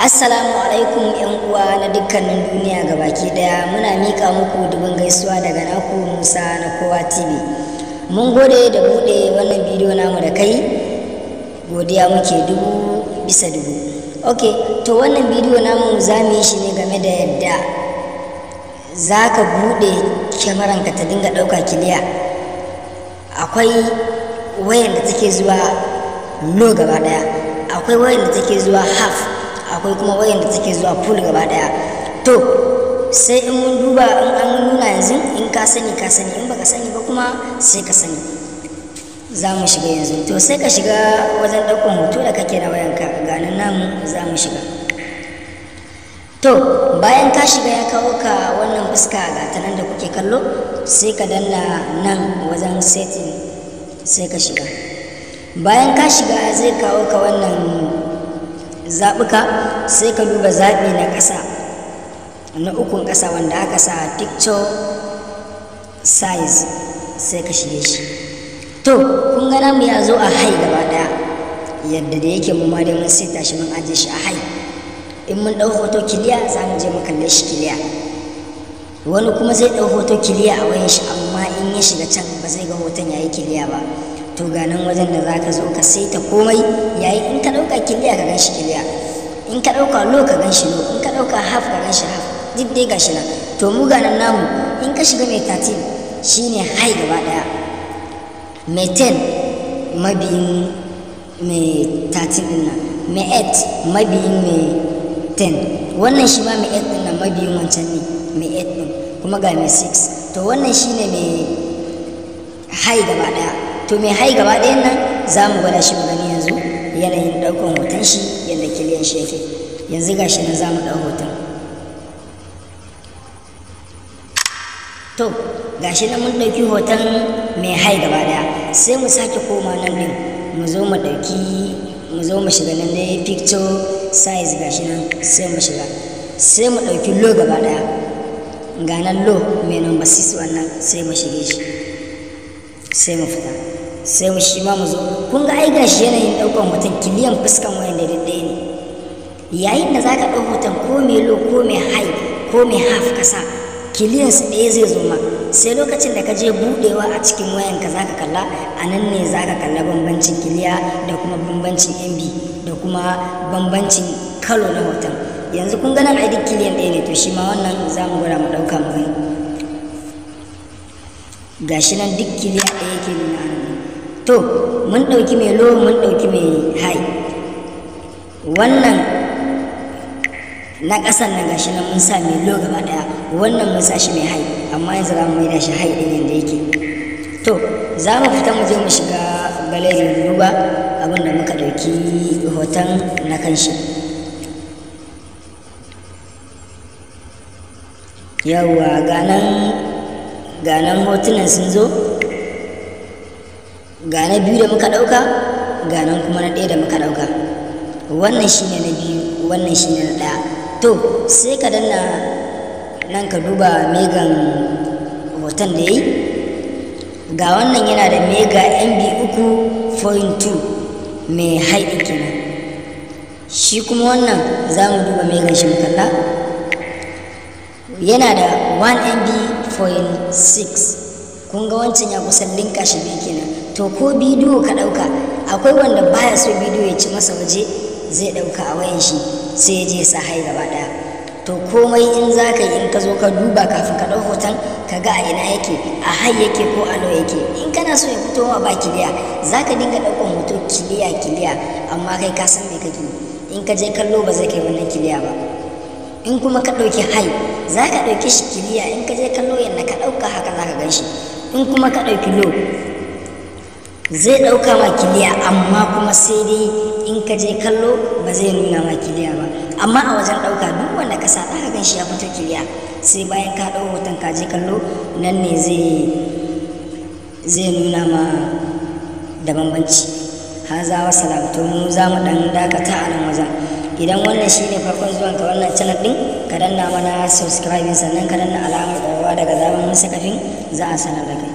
Assalamu alaikum ‘yan uwa na dukkanin duniya gabaki daya muna mika muku dubin gaisuwa daga naku Musa na kowa TV. Mun gode da bude wannan bidiyo namu da kai, godiya muke dubu bisa dubu. Ok, to wannan bidiyo namu za mu yi shi ne game da yadda za ka bude kyamaranka ta dinga dauka kiliya. Akwai wayan da take zuwa lo gaba daya, akwai wayan da take zuwa half. akwai kuma da take zuwa pool gaba daya to sai in mun duba in an nuna yanzu in ka sani ka sani in baka sani ba kuma sai ka sani za mu shiga yanzu to sai ka shiga wajen ɗaukar hoto da kake na wayanka ganin nan za mu shiga to bayan ka shiga ya kawo ka wannan fuska ga ta nan da kuke kallo sai ka danna nan wajen setting sai ka shiga bayan ka shiga zai kawo ka wannan zaɓuka sai ka duba zaɓi na ƙasa na ukun ƙasa wanda aka sa picture size sai ka shige shi to kun gana mu ya zo a hai gaba ɗaya yadda da yake mu ma dai mun sai tashi mun aje shi a hai in mun ɗau hoto kiliya za mu je mu kalle shi kiliya wani kuma zai ɗau hoto kiliya a wayan shi amma in ya shiga can ba zai ga hoton yayi kiliya ba to ga nan wajen da za ka zo ka saita komai yayi in ka ɗauka kiliya ka ganshi kiliya in ka ɗauka lo ka ganshi lo in ka ɗauka haf ka ganshi haf duk dai gashi nan to mu ga nan namu in ka shiga mai tatin shine hai gaba ɗaya mai ten mabiyin mai tatin ɗin nan mai et mabiyin mai ten wannan shi ma mai et ɗin nan mabiyin wancan ne mai et ɗin kuma ga mai six to wannan shine mai hai gaba ɗaya to mai hai gaba ɗayan nan za mu gwada shi gani yanzu yanayin ɗaukar hoton shi yadda kiliyan shi yake yanzu ga shi nan za mu ɗau hoton to ga shi nan mun ɗauki hoton mai hai gaba ɗaya sai mu sake koma nan ɗin mu zo mu ɗauki mu zo mu shiga nan dai picture size ga shi nan sai mu shiga sai mu ɗauki lo gaba ɗaya ga nan lo mai number six wannan sai mu shige shi sai mu fita sai mu shi ma mu zo kun ga ai gashi yanayin ɗaukan hoton kiliyan fuskan wayanda daddai ne yayin da za ka ɗau hoton ko mai lo ko mai hai ko mai haf ka sa kiliyan su ɗaya zai zo ma sai lokacin da ka je buɗewa a cikin wayanka za ka kalla a nan ne za ka kalla bambancin kiliya da kuma bambancin mb da kuma bambancin kalo na hoton yanzu kun ganin ai duk kiliyan ɗaya ne to shi ma wannan za mu gwada mu ɗauka mu gashi nan duk kiliya ɗaya ke nuna to mun ɗauki mai low mun ɗauki mai high wannan na ƙasar na gashi nan mun sa mai low gaba ɗaya wannan mun sa shi mai high amma yanzu za mu mai da shi high ɗin yadda yake to za mu fita mu je mu shiga galerin duba abin da muka ɗauki hoton na kan shi yawwa ganan ganan hotunan sun zo ga na biyu da muka ɗauka ga nan kuma na ɗaya da muka ɗauka wannan shi ne na biyu wannan shi ne na ɗaya to sai ka danna nan ka duba megan hoton da ya yi ga wannan yana da mega mb 3.2 mai haɗi kenan shi kuma wannan za mu duba megan shi kalla yana da 1 mb 6 kun ga wancan ya kusan linka shi biyu kenan to ko bidiyo ka ɗauka akwai wanda baya so bidiyo ya ci masa waje zai ɗauka a wayan shi sai ya je sa hai gaba ɗaya to komai in za ka yi in ka zo ka duba kafin ka ɗau hoton ka ga a ina yake a hai yake ko a nawa yake in kana so ya fito ma ba kiliya za ka dinga ɗaukan hoto kiliya kiliya amma kai ka san me kake in ka je kallo ba zai kai wannan kiliya ba in kuma ka ɗauki hai za ka ɗauki shi kiliya in ka je kallo yadda ka ɗauka haka za ka gan shi in kuma ka ɗauki low zai ɗauka ma kiliya amma kuma sai dai in ka je kallo ba zai nuna ma kiliya ba amma a wajen ɗauka duk wanda ka sa ɗaka gan shi ya fito kiliya sai bayan ka ɗau hoton ka je kallo nan ne zai nuna ma da bambanci haza wa salam to mu za mu ɗan dakata a nan wajen idan wannan shine farkon zuwan ka wannan channel ɗin ka danna mana subscribe sannan ka danna alamar ƙwarewa daga zaman musakafin kafin za a sanar da kai